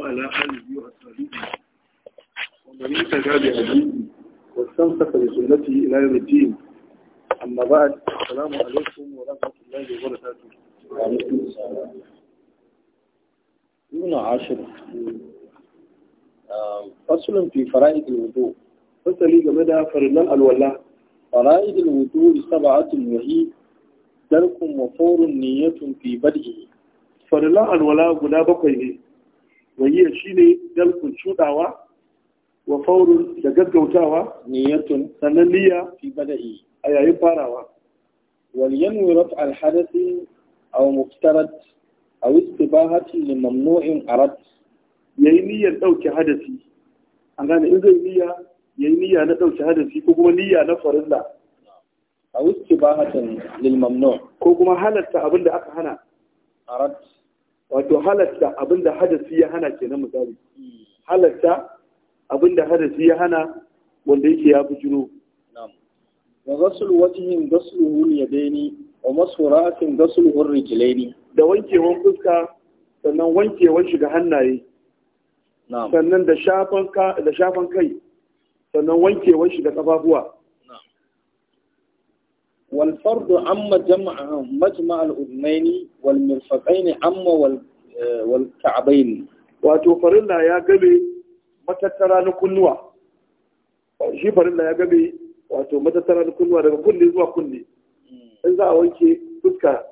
وعلى آله وأصحابه ومن يتجى بهديه واستمسك بسنته إلى يوم الدين أما بعد السلام عليكم ورحمة الله وبركاته وعليكم السلام يوم عاشر فصل في فرائض الوضوء فصل جمدها فرلان الولاء فرائض الوضوء سبعة وهي ترك وفور نية في بدئه فرلان الولاء قدا بقيه shi ne dalkun shudawa wa faurun da gaggautawa niyyatun sannan niyya fi bada'i a yayin farawa wal yanwi raf al hadathi aw muftarad aw istibahati li mamnu'in arad yayi niyyar dauke hadasi an gane in zai niyya yayi niyya na dauke hadasi ko kuma niyya na farilla aw istibahatan lil mamnu' ko kuma halatta abinda aka hana arad wato halatta abinda hadasi ya hana na misali halatta abinda hadasi ya hana wanda yake ya bujiro wa ghaslu gasul ghasluhu ya daini wa masu ra'atin gasul ar-rijlaini da wankewan fuska sannan wankewan shiga hannaye sannan da shafan kai sannan wankewar shiga kafafuwa والفرض عما جمع مجمع الأذنين والمرفقين عما Eh, wal ka'bayn wato farilla ya gabe matattara na kunnuwa shi farilla ya gabe wato matattara na kunnuwa daga kunne zuwa kunne in za a wanke fuska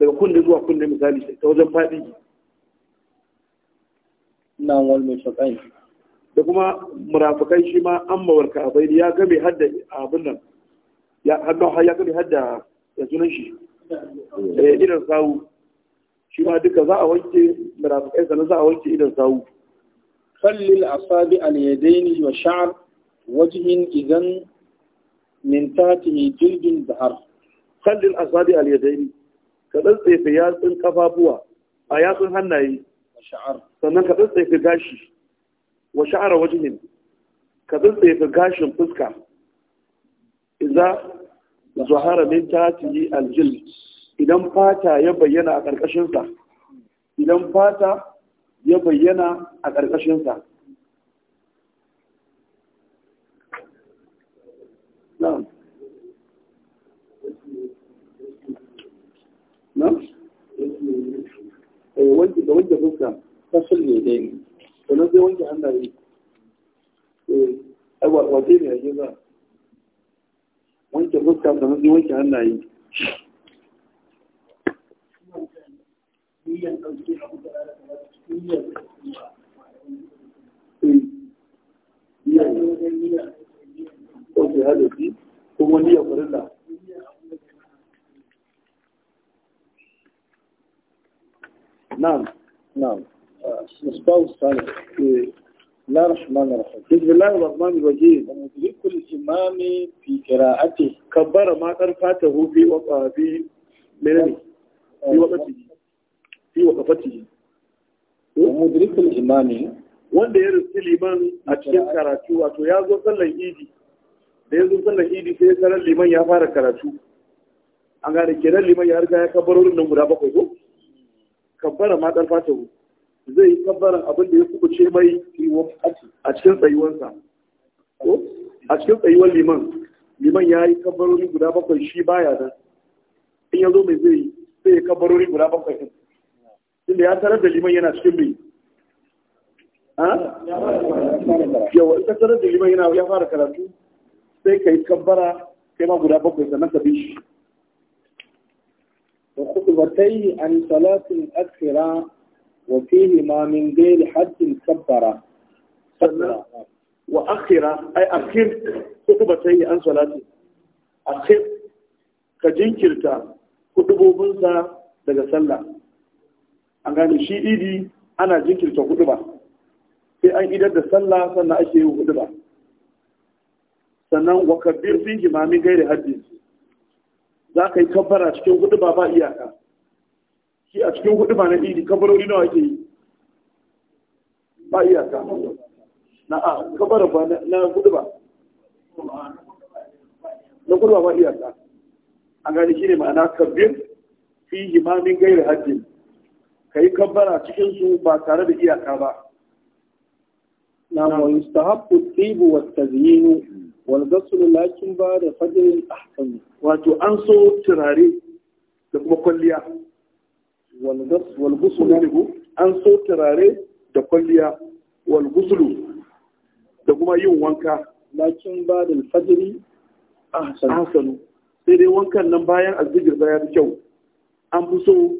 daga kunne zuwa kunne misali ta wajen faɗi na wal mai da kuma murafukai shi ma an mawar a bai ya game hadda abin nan ya hadda ya game hadda ya sunan shi ya eh, irin sawu shi ma duka za a wanke mirafikai sannan za a wanke idan sawu khallil asabi al yadaini wa sha'r wajhin idan min tatihi jildun zahar khallil asabi al yadaini ka dan tsefe yatsun kafafuwa a yatsun hannaye sannan ka dan tsefe gashi wa sha'ara wajhin ka dan tsefe gashin fuska idza zahara min tatihi al jild idan fata ya bayyana a ƙarƙashinsa idan fata ya bayyana a ƙarƙashinsa na'am na'am eh, da wanke fuska fasul ne dai ne sannan zai wanke hannaye eh, ai wace ne a za wanke fuska sannan zai wanke hannaye نعم نعم أبو دلالة نية هذا الدين هو نية فرلا نعم نعم مصباح الصالح بسم الله الرحمن الرحيم ومدرك الإمام في قراءته كبر ما قرفته في نعم. وقته في وقته fi wa kafatihi mudrikul imami wanda ya riski liman a cikin karatu wato ya zo sallan idi da ya zo sallan idi sai ya sanar liman ya fara karatu an gane kenan liman ya riga ya rin nan guda bakwai ko kabbara ma dan fatahu zai yi kabbaran abin da ya ce mai a cikin tsayuwansa ko a cikin tsayuwar liman liman ya yi kabbarori guda bakwai shi baya nan in ya zo mai zai yi sai ya kabbarori guda bakwai tunda ya tarar da liman yana cikin mai yawa ita tarar da liman yana ya fara karatu sai ka yi kabbara kai ma guda bakwai sannan ka bi shi وخطبتي عن صلاة أخرى وفيهما من غير حد كبر وأخرى أي أخر خطبتي عن صلاة ka jinkirta خطبو منسى daga sallah an gane shi idi ana jinkirta hudu ba sai an idar da sallah sannan ake yi hudu ba sannan wakabbir kabbir fi jimamin gairi haddi za ka yi kabbara cikin hudu ba ba iyaka shi a cikin hudu ba na idi kabbarori nawa ake yi ba iyaka na a kabbara ba na hudu ba na hudu ba ba iyaka an gane shi ne ma'ana kabbir fi jimamin gairi haddi Ka yi kabbara cikin su ba tare da iyaka ba namo yustahabbu tibu wa tazyinu wal ghasl lakin ba da a ahkam wato an so turare da kuma kwalliya wal ghasl an so turare da kwalliya wal ghusl da kuma yin wanka lakin ba da a ahsan sai dai wankan nan bayan azzikir da ya fi kyau an fi so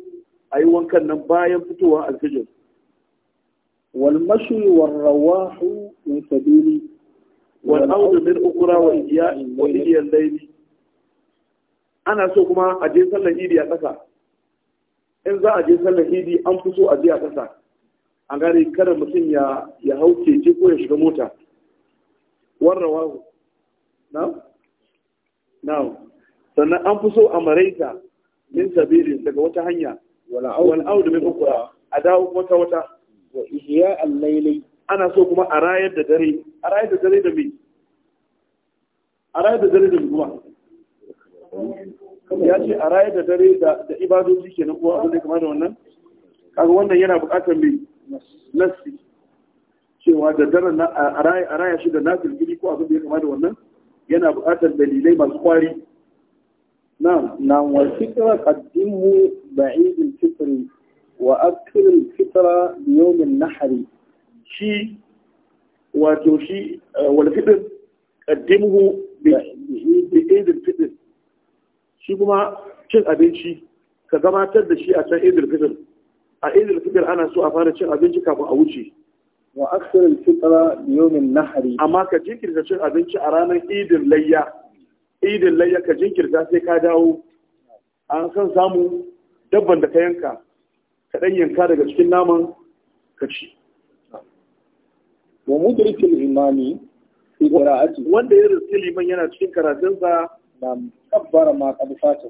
a yi wankan nan bayan fitowar alfijir wal mashi wal rawahu min sabili wal audu min ukura wa iya wa iyan laili ana so kuma a je sallar idi a ƙasa in za a je sallar idi an fi so a je a ƙasa a gane kada mutum ya ya hau keke ko ya shiga mota wal na na sannan an fi so a maraita min sabili daga wata hanya wal'audu bi bukura a dawo wata wata wa ihya al ana so kuma a rayar da dare a rayar da dare da me a rayar da dare da kuma ya ce a rayar da dare da ibadoji kenan kuwa abin da kamar da wannan kaga wannan yana buƙatar me nasi. cewa da daren a raya shi da nafil gidi ko abin da ya kama da wannan yana buƙatar dalilai masu kwari نعم نعم والفكرة قدمه بعيد الفطر وأكثر الفطرة بيوم النحر شيء وتوشي والفطر قدمه بعيد الفطر shi kuma cin abinci ka gabatar da shi a can idil fitr a idil fitr ana so a fara cin abinci kafin a wuce wa aksar fitra yawmin nahari amma ka jinkirta cin abinci a ranar idil layya idin layya ka jinkirta sai ka dawo an san samu dabban da ka yanka ka ɗan yanka daga cikin naman ka ci wa mudrikil imami fi qira'ati wanda ya riske liman yana cikin karatunsa na kabbara ma qad fata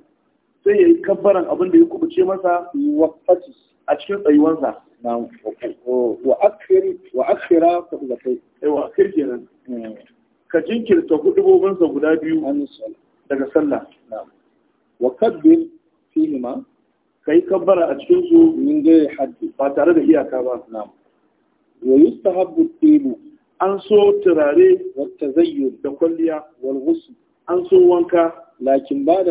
sai yayi kabbaran abin da ya kubuce masa wa fati a cikin tsayuwansa na wa akhir wa akhira fa kai eh, wa akhir kenan hmm. ka jinkirta hudubobinsa guda biyu daga sallah wa kabbir fihima kai kabbara a cikin su min haddi ba tare da iyaka ba na'am wa yustahabbu tibu an so turare wa tazayyur da kwalliya wal ghusl an so wanka lakin ba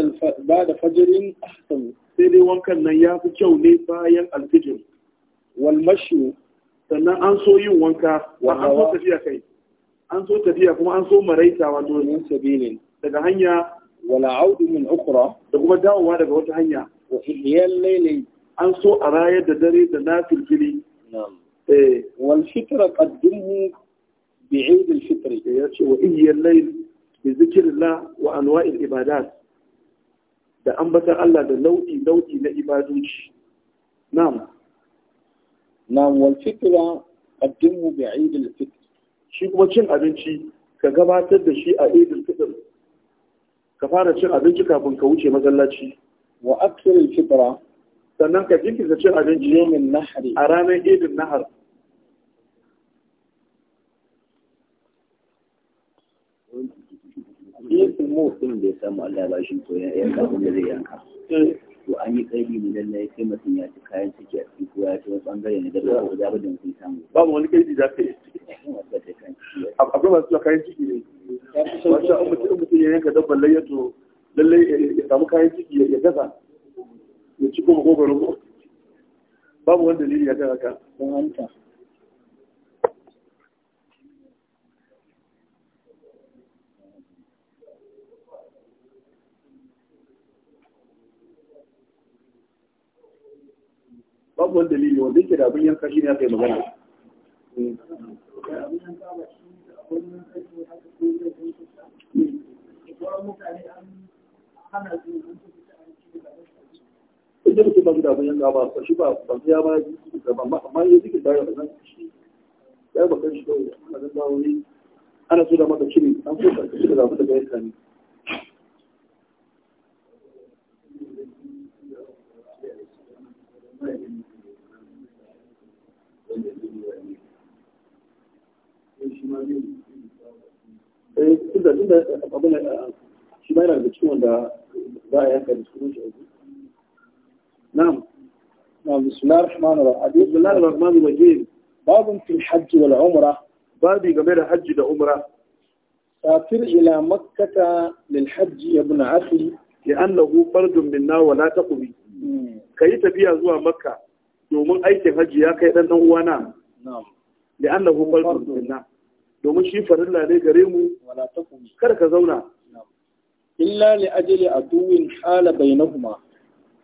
da fajirin ahsan sai dai wankan nan ya fi kyau ne bayan alfijir wal mashu sannan an so yin wanka Wa an so tafiya kai an so tafiya kuma an so maraita wato min sabilin daga hanya wala audu min ukhra da kuma dawowa daga wata hanya wa ihyal layli an so a rayar da dare da nafil fili na'am eh wal fitra qaddimhu bi eid al fitr ya ce wa ihyal layl bi zikrillah wa anwa' al ibadat da ambatar Allah da nau'i nau'i na ibadoci na'am na'am wal fitra qaddimhu bi eid al fitr shi kuma cin abinci ka gabatar da shi a idul fitr ka fara cin abinci kafin ka wuce masallaci wa aksiril fitra sannan ka jinkirta cin abinci yawmin nahri a ranar idul nahar Yin motsin da ya samu Allah ba shi eh. ko ya yanka wanda da zai yanka. to an yi kaidi ne lallai sai mutum ya ci kayan ciki a cikin ko ya ci wani bangare ne da ba ko da bada mutum samu babu wani kaidi za ka yi akwai masu zuwa kayan ciki ne wasu an mutum mutum ya yanka dabban layya to lallai ya samu kayan ciki ya gasa ya ci kuma gogoron babu wani dalili ya ga haka don hanta babu dalili wanda yake da abin yanka ne aka yi magana idan mutum ba su yanka ba shi ba ba ya ba ya ba amma ya zikin da ya ba shi ya ba kan shi kawai ana so da maka cire an so ka cire da da ya kani wanda za a yanka da sunan shi na'am na bismillahir rahmanir rahim bismillahir rahmanir rahim babun fil hajj wal umra babi game da hajji da umra safir ila makkata lil hajj ibn akhi li'annahu fardun minna wa la taqbi hmm. kai tafiya zuwa makka domin aikin hajji ya kai dan dan uwana na'am li'annahu fardun minna domin shi farilla ne gare mu kada ka zauna illa li ajli aduwin hala bainahuma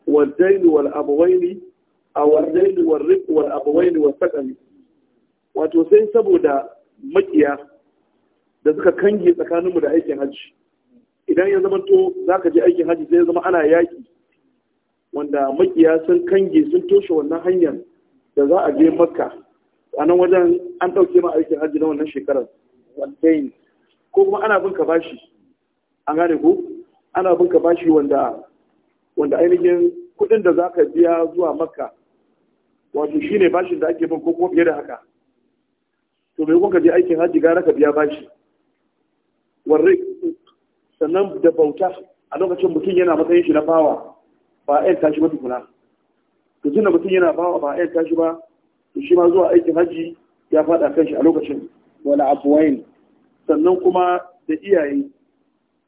والدين والأبوين أو الدين والرق والأبوين والسكن wato sai saboda makiya da suka kange tsakaninmu da aikin hajji idan ya zama to za ka je aikin hajji sai ya zama ana yaki. wanda makiya sun kange sun toshe wannan hanyar da za a je makka a wajen an ɗauke ma aikin hajji na wannan shekarar ko kuma ana bin ka bashi an gane ku ana bin ka bashi wanda wanda ainihin kudin da zaka biya zuwa makka wato shine bashin da ake bin ko kuma fiye da haka to me kuka je aikin haji gara ka biya bashi warri sannan da bauta a lokacin mutum yana matsayin shi na bawa ba a yanka shi matukuna tukuna to tunda mutum yana bawa ba a yanka shi ba to shi ma zuwa aikin haji ya faɗa kan shi a lokacin wala abuwain sannan kuma da iyaye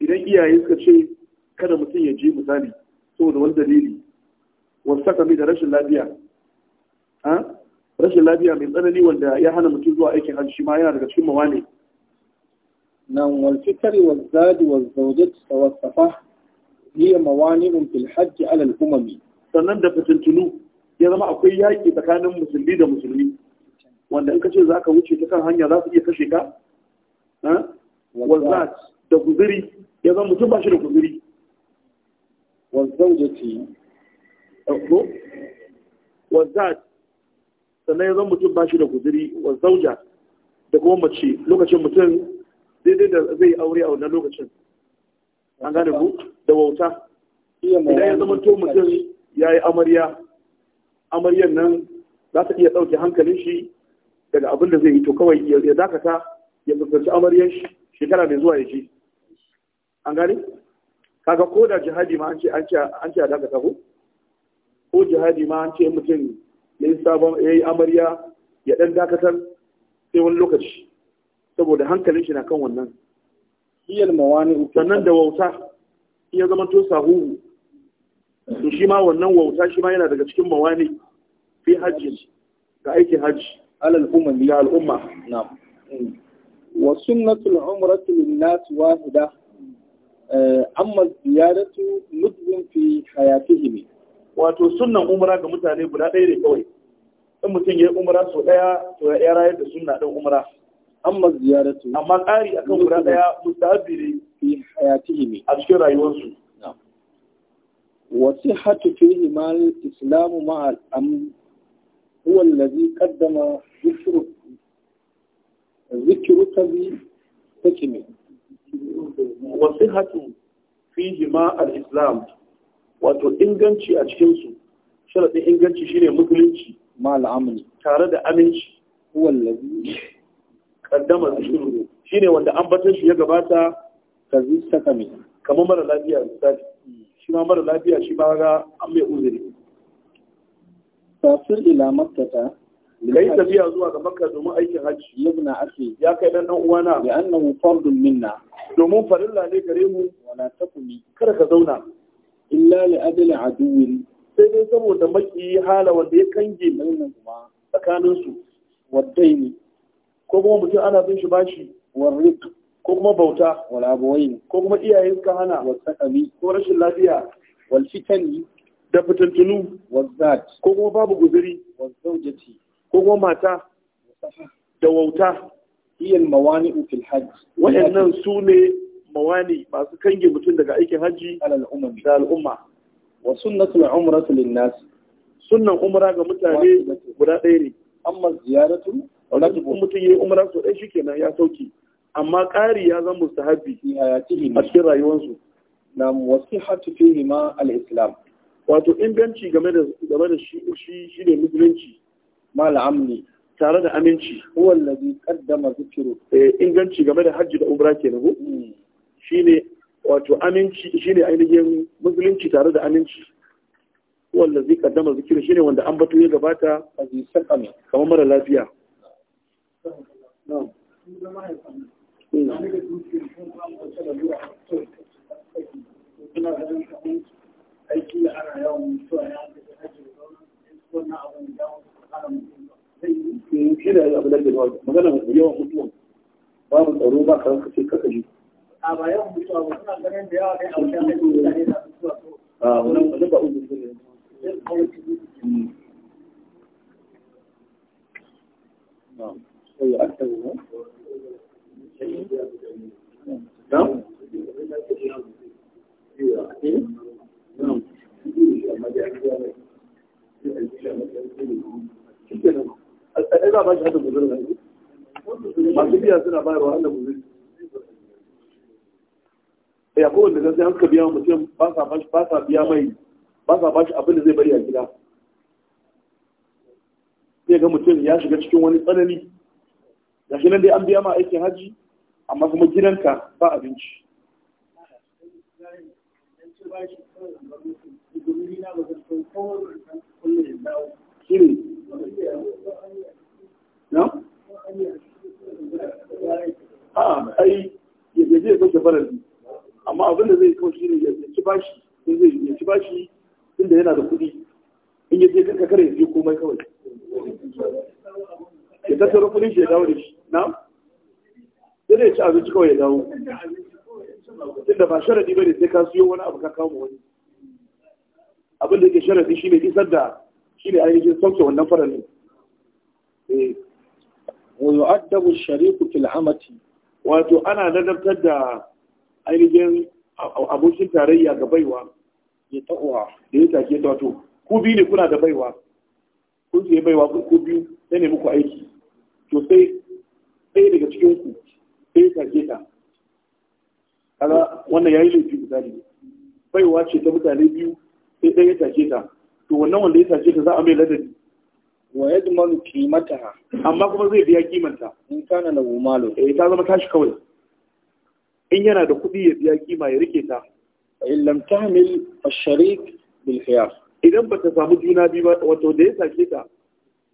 idan iyaye suka ce kada mutum ya je misali saboda wani dalili wasu mai da rashin lafiya rashin lafiya mai tsanani wanda ya hana mutum zuwa aikin hajji ma yana daga cikin mawane nan wal fitar wal zad wal zawjat wal safa hiya mawani'un fil hajj ala al umami sannan da fitintunu ya zama akwai yaƙi tsakanin musulmi da musulmi wanda in ka ce za ka wuce ta kan hanya za su iya kashe ka wal da guzuri ya zan mutum ba shi da guzuri ce ɗauko eh, wazat sannan ya zan mutum ba shi da guzuri wazauja da kuma mace lokacin mutum daidai da zai aure a wannan lokacin an gane ku da wauta idan ya zama to mutum ya yi amarya amaryan nan za ta iya ɗauke hankalin shi daga abin da zai yi to kawai ya dakata ya fuskanci amaryan shi shekara mai zuwa ya ji. an gani kaga ko da jihadi ma an ce an ce a daga tabo ko jihadi ma an ce mutum ya yi sabon ya yi amarya ya dan dakatar sai wani lokaci saboda hankalin shi na kan wannan iyal mawani sannan da wauta iya zama to sahuhu to shi ma wannan wauta shi ma yana daga cikin mawani fi hajji ga aikin hajji alal umma ga al'umma na'am wa sunnatul umratu lin nas wahida Eh, amma ziyaratu nutbun fi hayatihim wato sunnan umra ga mutane guda ɗaya ne kawai in mutum ya yi umra sau ɗaya to ya rayar da sunna ɗin umra amma ziyaratu amma ƙari akan guda ɗaya mutabiri ne fi hayatihim a cikin rayuwarsu وصحة فيهما Islamu مع الأمن هو الذي قدم ذكر ذكر تبي تكمل wasu hatu fi jima al-islam wato inganci a cikinsu sharaɗin inganci shine musulunci tare da aminci wallazi kaddama shi shine wanda an batun shi ya gabata kazi kame kamar mara lafiya misali shi ma mara lafiya shi ba ga an mai uzuri tafsir ila makkata kai tafiya zuwa ga makka domin aikin hajji yabna ya kai dan dan uwana bi annahu fardun minna domin farilla ne gare mu wala takumi kada ka zauna illa li adli aduwin sai dai saboda maki hala wanda ya kange bainahuma tsakanin su waddaini ko kuma mutum ana bin shi bashi warrik ko kuma bauta wala abawain ko kuma iyaye suka hana wal sakami ko rashin lafiya wal fitani da fitantunu wal ko kuma babu guzuri wal zaujati ko kuma mata da wauta hiyal mawani fil hajj wayannan su ne mawani masu kange mutum daga aikin hajji da al'umma wa sunnatul umratu lin nas sunnan umra ga mutane guda ɗaya ne amma ziyaratu wajen mutum yayi umra so ɗaya shikenan ya sauki amma ƙari ya zama mustahabi a cikin rayuwarsu na wasu hatu fihi ma al'islam. wato inganci game da game da shi shi ne musulunci ma amni tare da aminci eh, inganci game da hajji da umra kenan ko hmm. shine wato aminci shine ainihin musulunci tare da aminci huwa allazi qaddama zikru shine wanda an bato ya gabata a zisan kamar mara lafiya hmm. shi ne abu da ke zuwa magana yawan ba babu tsaro ba karan ka ce kaka ji a ba yawan mutuwa ba suna ganin da yawa kai a wajen da mutane na mutuwa so a wannan wani ba uku ne Na'am. Na'am. a tsaye za ba shi hada guzuri masu biya suna bayarwa hada guzuri ya kowanne zan an suka biya mutum ba sa biya mai ba sa bashi abin da zai bari a gida sai ga mutum ya shiga cikin wani tsanani ga shi nan dai an biya ma aikin hajji amma kuma gidanka ba abinci shi na? a'a ah, ai ya zai kashe farali amma abin da zai kawo shi ne ya ci bashi in inda yana da kuɗi in ya je karka kare ya je komai kawai ya tattara kuɗin shi ya dawo da shi na? sai da ya ci abinci kawai ya dawo tunda ba sharadi ne sai ka siyo wani abu ka kawo wani abin da yake sharadi ne isar da shi ne ainihin sauke wannan faralin eh, wa yu'addabu shariku fil amati wato ana ladabtar da ainihin abokin tarayya ga baiwa ya ta'uwa da ya take ta wato ku biyu ne kuna da baiwa kun je baiwa ku biyu sai ne muku aiki to sai sai daga cikin ku sai ya take ta kaga wannan yayi laifi misali baiwa ce ta mutane biyu sai ɗaya ya take ta to wannan wanda ya sace ta za a mai ladabi wa yadmanu qimataha amma kuma zai biya kimanta in kana lahu malu eh ta zama tashi kawai in yana da kuɗi ya biya kima ya rike ta fa in lam tahmil ash shariq bil khiyar idan bata samu juna biyu ba wato da ya sace ta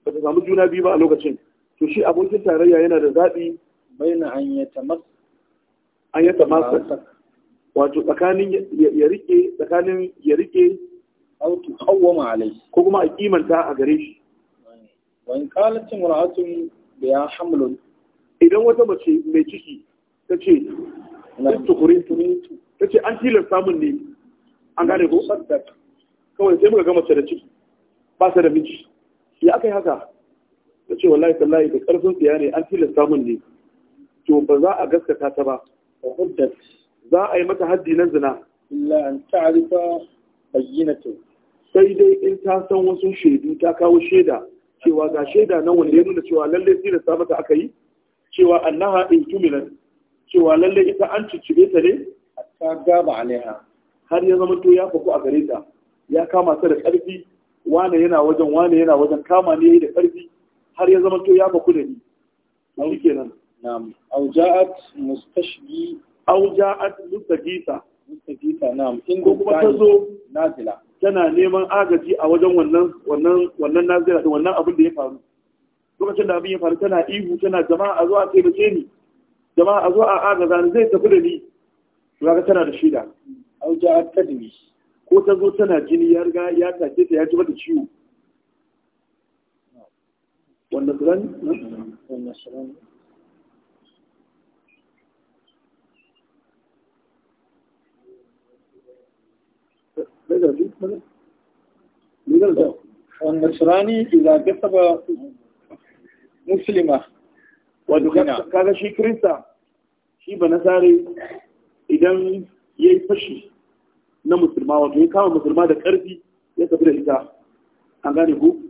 bata samu juna biyu ba a lokacin to shi abokin tarayya yana da zaɓi baina an yatamas an yatamasa wato tsakanin ya rike tsakanin ya rike aw tuqawwama alai ko kuma a kimanta a gare shi Wani kalacin wuratun da ya hamlun idan wata mace mai ciki ta ce na tukurin ta ce an tilar samun ne an gane ko kawai sai muka gama da ciki ba sa da miji ya aka yi haka ta ce wallahi tallahi da karfin tsiya ne an tilar samun ne to ba za a gaskata ta ba za a yi mata haddi na zina illa an ta'arifa bayyinatu sai dai in ta san wasu shaidu ta kawo shaida cewa ga shaida na wanda ya nuna cewa lalle da sabata aka yi cewa annaha in tumilan cewa lalle ita an ciccibe ta ne ta gaba alaiha har ya zama to ya faku a gare ta ya kama ta da ƙarfi wane yana wajen wane yana wajen kama ne da ƙarfi har ya zama to ya faku da ni shi kenan na'am au ja'at mustashgi au ja'at mustagisa mustagisa na'am in ko kuma ta zo nazila tana neman agaji a wajen wannan wannan nazira da wannan abin da ya faru lokacin da abin ya faru tana ihu tana jama'a a zuwa sai da ce ni jama'a a zuwa a agaza ni zai tafi da ni to tana da shida au ta tadmi ko ta zo tana jini ya riga ya take ta ya ji da ciwo wanda zan wannan والنصراني إذا كتب مسلمة ودخنا كذا شيء كريسا شيء بنساري إذا يفشي na musulma wato ya kama musulma da ƙarfi ya tafi da ita an gane ku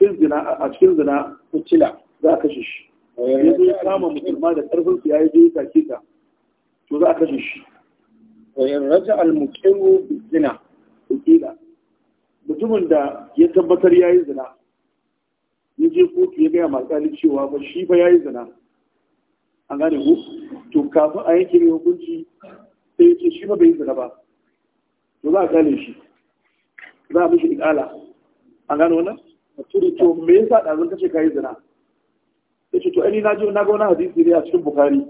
a cikin zina ta kucila za a kashe shi ya zo ya kama musulma da ƙarfin su yayi je ta ke ta to za a kashe shi wa raja al muqiru bi zina wakila mutumin da ya tabbatar yi zina ya je kotu ya gaya alƙali cewa ba shi fa yi zina an gane ku to kafin a yanke mai hukunci sai ya ce shi ba bai zina ba to za a gane shi za a mishi ikala an gane wannan turi to me yasa ɗazun kace ka yi zina ya ce to ani na je na ga wani hadisi ne a cikin bukari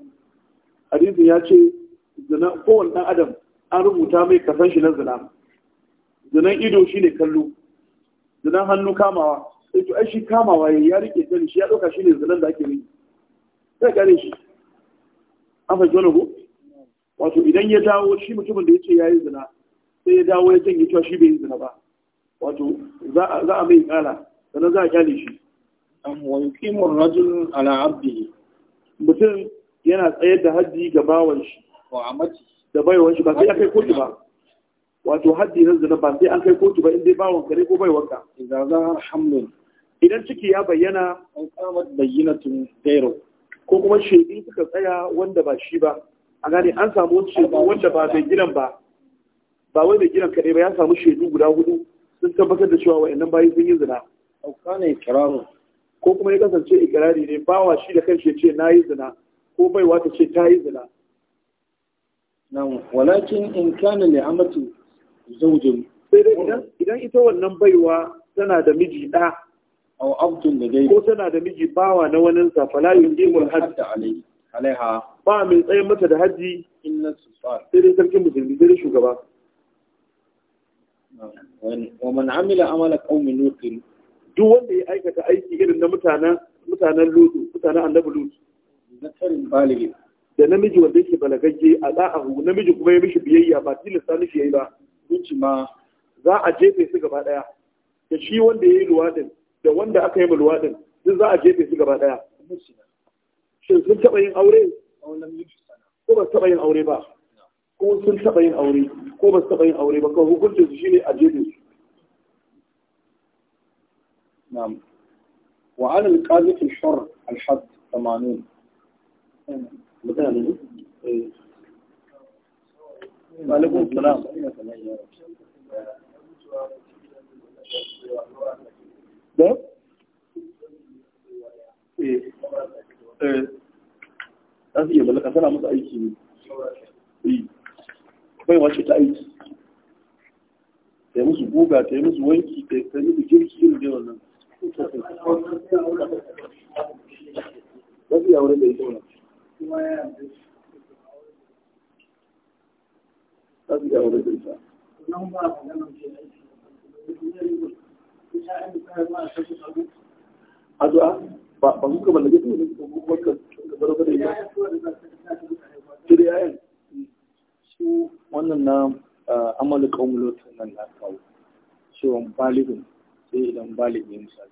hadisin ya ce zina kowane adam an rubuta mai kasan shi na zina zanen ido shi ne kallo zanen hannu kamawa sai to ai shi kamawa ya ya rike sani shi ya ɗauka shi ne zanen da ake yi sai kare shi an fahimci wani ko wato idan ya dawo shi mutumin da ya ce ya yi zina sai ya dawo ya sanya cewa shi bai yi zina ba wato za a mai kala sannan za a kyale shi wa yuqimu ar ala 'abdihi mutum yana tsayar da haddi ga bawan shi wa amati da baiwan shi ba sai ya kai kotu ba wato haddi na zina ba sai an kai kotu ba in dai bawon kare ko bai wanka idan za hamlin idan ciki ya bayyana an kama tun gairo ko kuma shaidu suka tsaya wanda ba shi ba a gane an samu wani shaidu wanda ba mai gidan ba ba wai mai gidan kaɗai ba ya samu shaidu guda hudu sun tabbatar da cewa wa'annan bayi sun yi zina auka na ikirarin ko kuma ya kasance ikirari ne bawa shi da kanshi ya ce na yi zina ko baiwa ta ce ta yi zina Nan, walakin in kana li amatu zaujin sai dai idan ita wannan baiwa tana da miji ɗa aw abdun da dai ko tana da miji bawa na wani sa fala yujimul hadd alai alaiha ba mai tsayin mata da haji inna susar sai dai sarkin musulmi sai dai shugaba wa man amila amala qaumi lutin duk wanda ya aikata aiki irin na mutanen mutanen lutu mutanen annabi lutu na zakarin baligh da namiji wanda yake balagagge a da'ahu namiji kuma ya mishi biyayya ba tilasta mishi yayi ba ijma za a jefe su gaba daya da shi wanda yayi luwadin da wanda aka yi mu luwadin duk za a jefe su gaba daya shin sun taba yin aure ko ba taba yin aure ba ko sun taba yin aure ko ba su taba yin aure ba ko hukuncin su shine a jefe su na'am wa alal qazif al-hurr al-hadd 80 مثلا Walekun salam. Da? Eh. Eh. Za su iya balaka tana musu aiki ne. Eh. Bai wace ta aiki. Ta yi musu guga, ta yi musu wanki, ta yi musu girki irin da wannan. Za su iya wurin da ita wannan. za su ba ba ne ko kuma su wannan na amal qaumul nan na kawo cewa balighun sai idan baligh misali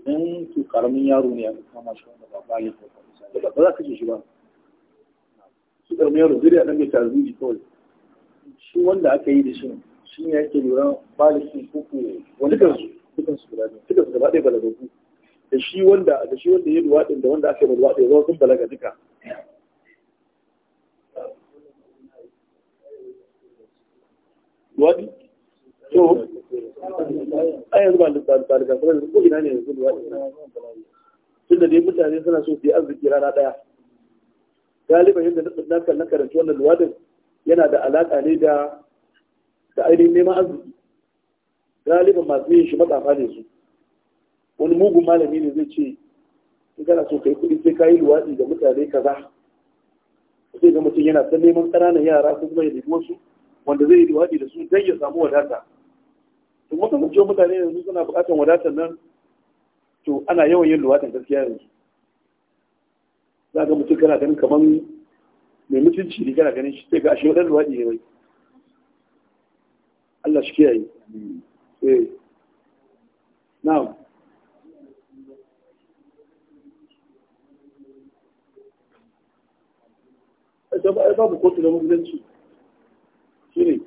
idan ki karamin yaro ne aka kama shi wanda ba baligh ba misali ba za ka ce shi ba su karamin yaro zai da dan mai tazuri kawai su wanda aka yi da shi su ne yake lura ba da koko wani kansu dukan su guda dukan su gaba ɗaya balagabu da shi wanda da shi wanda ya yi luwaɗin da wanda aka yi luwaɗin ya sun balaga duka luwaɗi to a yanzu ba balaga kuma ko ina ne yanzu luwaɗi Tunda dai mutane suna so su yi arziki rana ɗaya galiba yadda na karanta wannan luwaɗin yana da alaƙa ne da da ainihin neman arziki galibin masu yin shi matsafa ne su wani mugun malami ne zai ce in kana so kai kuɗi sai ka yi luwaɗi da mutane kaza sai ga mutum yana son neman ƙananan yara ko kuma ya nemi wasu wanda zai yi luwaɗi da su don ya samu wadata to wata mutum mutane yanzu suna buƙatar wadatar nan to ana yawan yin luwaɗin gaskiya yanzu za ka mutum kana ganin kamar mai mutunci ne kana ganin shi sai ga shi wadan luwaɗi ne bai Allah shi kiyaye eh na'am babu kotu na mutunci shi ne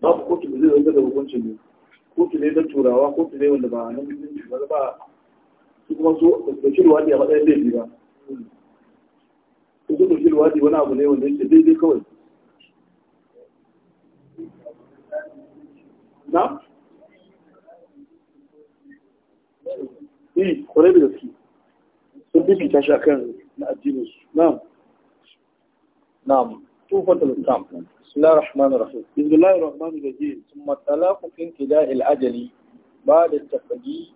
babu kotu da zai zanga da hukuncin ne kotu ne na turawa kotu ne wanda ba na mutunci ba su kuma so da shirwa ne a matsayin laifi ba hukumar shilwadi wani abu ne wanda yake daidai kawai na? yi kwarai da gaske sun bibita shi akan na addininsu na na'am tufat al-kam bismillahir rahmanir rahim bismillahir rahmanir rahim thumma talaqu fi intida' al-ajali ba'da at-taqdi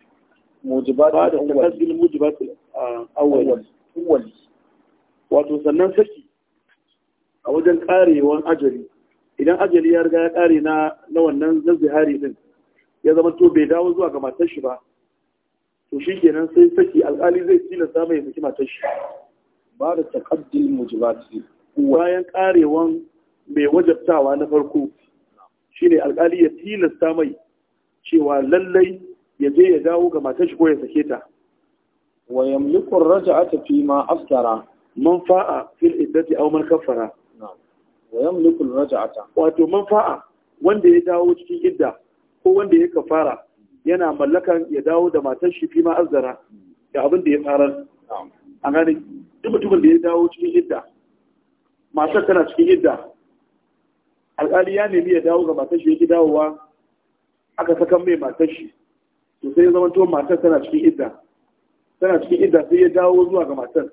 mujibat ba'da at-taqdi mujibat al-awwal awwal wato sannan saki a wajen karewan ajali idan ajali ya riga ya kare na na wannan zazzihari din ya zama to bai dawo zuwa ga matar shi ba to shi kenan sai saki alkali zai samun ya saki matar shi ba da taqaddil mujibati bayan karewan mai wajabtawa na farko shine alkali ya tilasta mai cewa lallai ya je ya dawo ga matar shi ko ya sake ta wa yamliku raja'ata fi ma aftara man fa'a fil iddati aw man kaffara wato man fa'a wanda ya dawo cikin idda ko wanda ya kafara yana mallakan ya dawo da matar fi ma azzara abin da ya farar a gane duk mutumin da ya dawo cikin idda tana cikin idda aka sakan mai matar shi to sai ya zama to matar tana cikin idda tana cikin idda sai ya dawo zuwa ga matar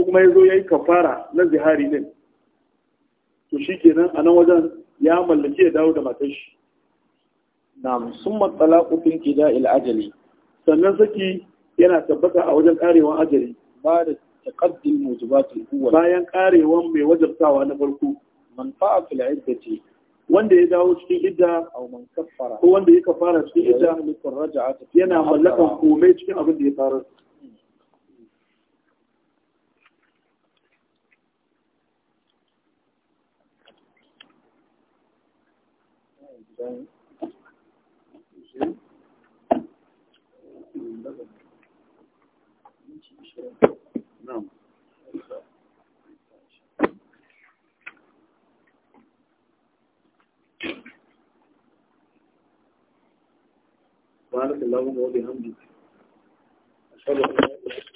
ko kuma ya zo ya yi kafara na zihari din. to shi kenan a nan wajen ya mallaki ya dawo da matar shi na'am sun matsala kufin ajali sannan saki yana tabbata a wajen karewan ajali ba da taqaddum mujibatul awwal bayan karewan mai wajabtawa na farko man fa'a iddati wanda ya dawo cikin idda aw man kaffara ko wanda ya kafara cikin idda yana mallakan komai cikin abin da ya farar بارك اللهم وبحمدك أشهد أن لا إله إلا